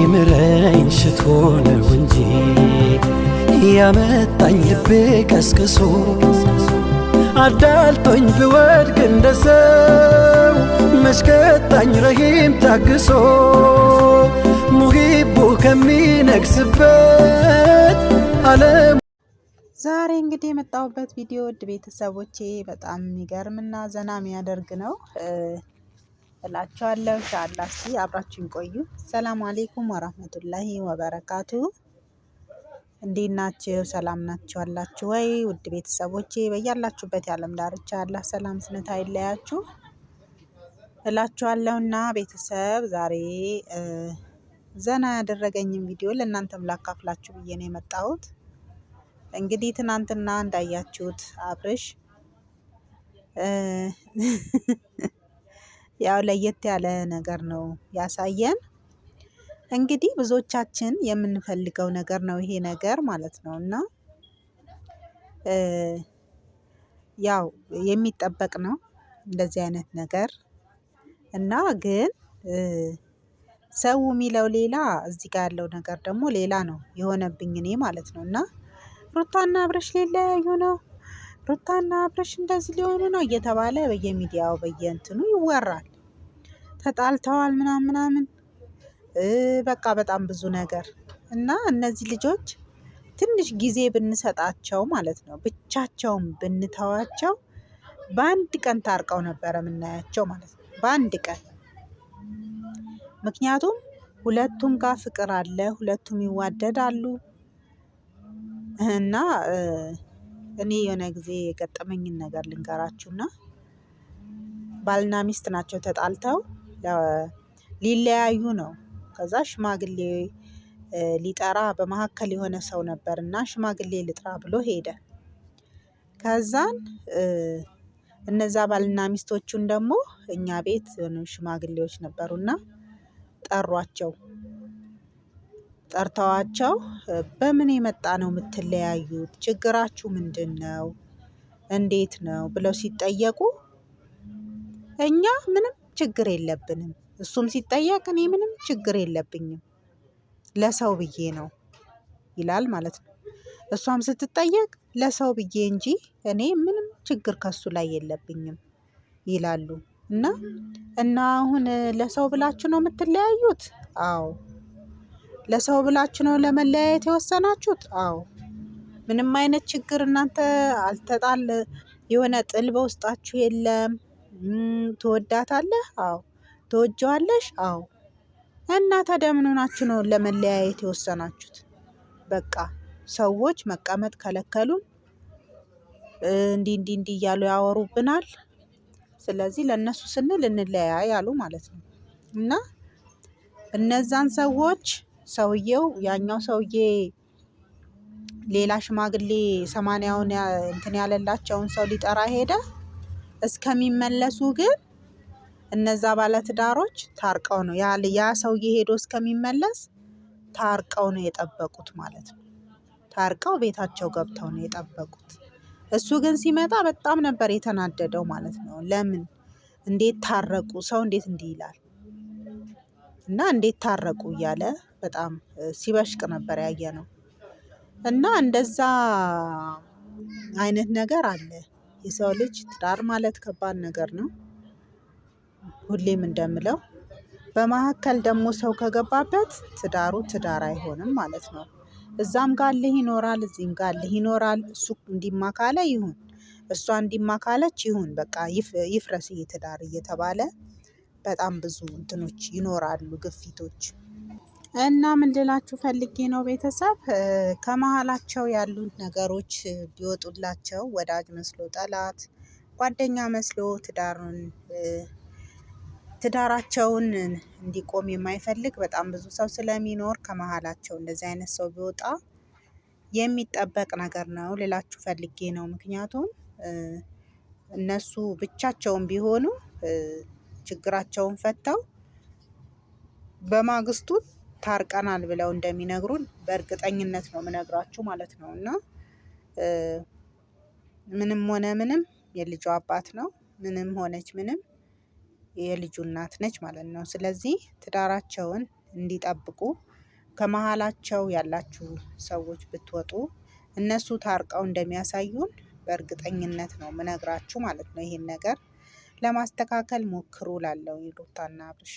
ሊምረኝ ሽቶ ነው እንጂ ያመጣኝ ልቤ ቀስቅሶ አዳልጦኝ ብወድቅ እንደ ሰው መሽከጣኝ ረሂም ታግሶ ሙሂቡ ከሚነግስበት ዓለም ዛሬ እንግዲህ የመጣሁበት ቪዲዮ ውድ ቤተሰቦቼ በጣም የሚገርምና ዘና የሚያደርግ ነው። እላችኋለሁ። ሻላ እስቲ አብራችሁን ቆዩ። ሰላም አሌይኩም ወራህመቱላሂ ወበረካቱ። እንዴት ናችሁ? ሰላም ናችሁ አላችሁ ወይ? ውድ ቤተሰቦቼ በያላችሁበት የዓለም ዳርቻ አላህ ሰላም ስነት አይለያችሁ እላችኋለሁና ቤተሰብ ዛሬ ዘና ያደረገኝም ቪዲዮ ለእናንተም ላካፍላችሁ ብዬ ነው የመጣሁት። እንግዲህ ትናንትና እንዳያችሁት አብርሽ ያው ለየት ያለ ነገር ነው ያሳየን። እንግዲህ ብዙዎቻችን የምንፈልገው ነገር ነው ይሄ ነገር ማለት ነው እና ያው የሚጠበቅ ነው እንደዚህ አይነት ነገር እና ግን ሰው የሚለው ሌላ እዚህ ጋር ያለው ነገር ደግሞ ሌላ ነው የሆነብኝ እኔ ማለት ነው እና ሩታና አብርሽ ሊለያዩ ነው፣ ሩታና አብርሽ እንደዚህ ሊሆኑ ነው እየተባለ በየሚዲያው በየእንትኑ ይወራል። ተጣልተዋል ምናምን ምናምን በቃ በጣም ብዙ ነገር እና እነዚህ ልጆች ትንሽ ጊዜ ብንሰጣቸው ማለት ነው ብቻቸውን ብንተዋቸው በአንድ ቀን ታርቀው ነበረ የምናያቸው ማለት ነው። በአንድ ቀን ምክንያቱም ሁለቱም ጋር ፍቅር አለ፣ ሁለቱም ይዋደዳሉ። እና እኔ የሆነ ጊዜ የገጠመኝን ነገር ልንገራችሁና ባልና ሚስት ናቸው ተጣልተው ሊለያዩ ነው። ከዛ ሽማግሌ ሊጠራ በመካከል የሆነ ሰው ነበር እና ሽማግሌ ልጥራ ብሎ ሄደ። ከዛን እነዛ ባልና ሚስቶቹን ደግሞ እኛ ቤት ሽማግሌዎች ነበሩና ጠሯቸው። ጠርተዋቸው በምን የመጣ ነው የምትለያዩት? ችግራችሁ ምንድነው? እንዴት ነው ብለው ሲጠየቁ እኛ ምንም ችግር የለብንም። እሱም ሲጠየቅ እኔ ምንም ችግር የለብኝም ለሰው ብዬ ነው ይላል ማለት ነው። እሷም ስትጠየቅ ለሰው ብዬ እንጂ እኔ ምንም ችግር ከሱ ላይ የለብኝም ይላሉ። እና እና አሁን ለሰው ብላችሁ ነው የምትለያዩት? አዎ። ለሰው ብላችሁ ነው ለመለያየት የወሰናችሁት? አዎ። ምንም አይነት ችግር እናንተ አልተጣል የሆነ ጥል በውስጣችሁ የለም። ትወዳታለህ? አዎ። ትወጀዋለሽ አዎ። እና ታዲያ ምን ሆናችሁ ነው ለመለያየት የወሰናችሁት? በቃ ሰዎች መቀመጥ ከለከሉን። እንዲህ እንዲህ እንዲህ እያሉ ያወሩብናል። ስለዚህ ለእነሱ ስንል እንለያይ አሉ ማለት ነው። እና እነዛን ሰዎች ሰውየው ያኛው ሰውዬ ሌላ ሽማግሌ ሰማንያውን እንትን ያለላቸውን ሰው ሊጠራ ሄደ እስከሚመለሱ ግን እነዛ ባለትዳሮች ታርቀው ነው ያ ሰውዬ ሄዶ እስከሚመለስ ታርቀው ነው የጠበቁት ማለት ነው። ታርቀው ቤታቸው ገብተው ነው የጠበቁት። እሱ ግን ሲመጣ በጣም ነበር የተናደደው ማለት ነው። ለምን እንዴት ታረቁ? ሰው እንዴት እንዲህ ይላል? እና እንዴት ታረቁ እያለ በጣም ሲበሽቅ ነበር ያየ ነው። እና እንደዛ አይነት ነገር አለ። የሰው ልጅ ትዳር ማለት ከባድ ነገር ነው። ሁሌም እንደምለው በመካከል ደግሞ ሰው ከገባበት ትዳሩ ትዳር አይሆንም ማለት ነው። እዛም ጋልህ ይኖራል እዚህም ጋልህ ይኖራል። እሱ እንዲማካለ ይሁን እሷ እንዲማካለች ካለች ይሁን በቃ ይፍረስ ትዳር እየተባለ በጣም ብዙ እንትኖች ይኖራሉ ግፊቶች እና ምን ልላችሁ ፈልጌ ነው ቤተሰብ ከመሀላቸው ያሉት ነገሮች ቢወጡላቸው ወዳጅ መስሎ ጠላት፣ ጓደኛ መስሎ ትዳሩን ትዳራቸውን እንዲቆም የማይፈልግ በጣም ብዙ ሰው ስለሚኖር ከመሀላቸው እንደዚህ አይነት ሰው ቢወጣ የሚጠበቅ ነገር ነው ልላችሁ ፈልጌ ነው። ምክንያቱም እነሱ ብቻቸውን ቢሆኑ ችግራቸውን ፈተው በማግስቱ ታርቀናል ብለው እንደሚነግሩን በእርግጠኝነት ነው የምነግራችሁ ማለት ነው። እና ምንም ሆነ ምንም የልጁ አባት ነው፣ ምንም ሆነች ምንም የልጁ እናት ነች ማለት ነው። ስለዚህ ትዳራቸውን እንዲጠብቁ ከመሀላቸው ያላችሁ ሰዎች ብትወጡ እነሱ ታርቀው እንደሚያሳዩን በእርግጠኝነት ነው የምነግራችሁ ማለት ነው። ይሄን ነገር ለማስተካከል ሞክሩ ላለው የሩታና አብርሽ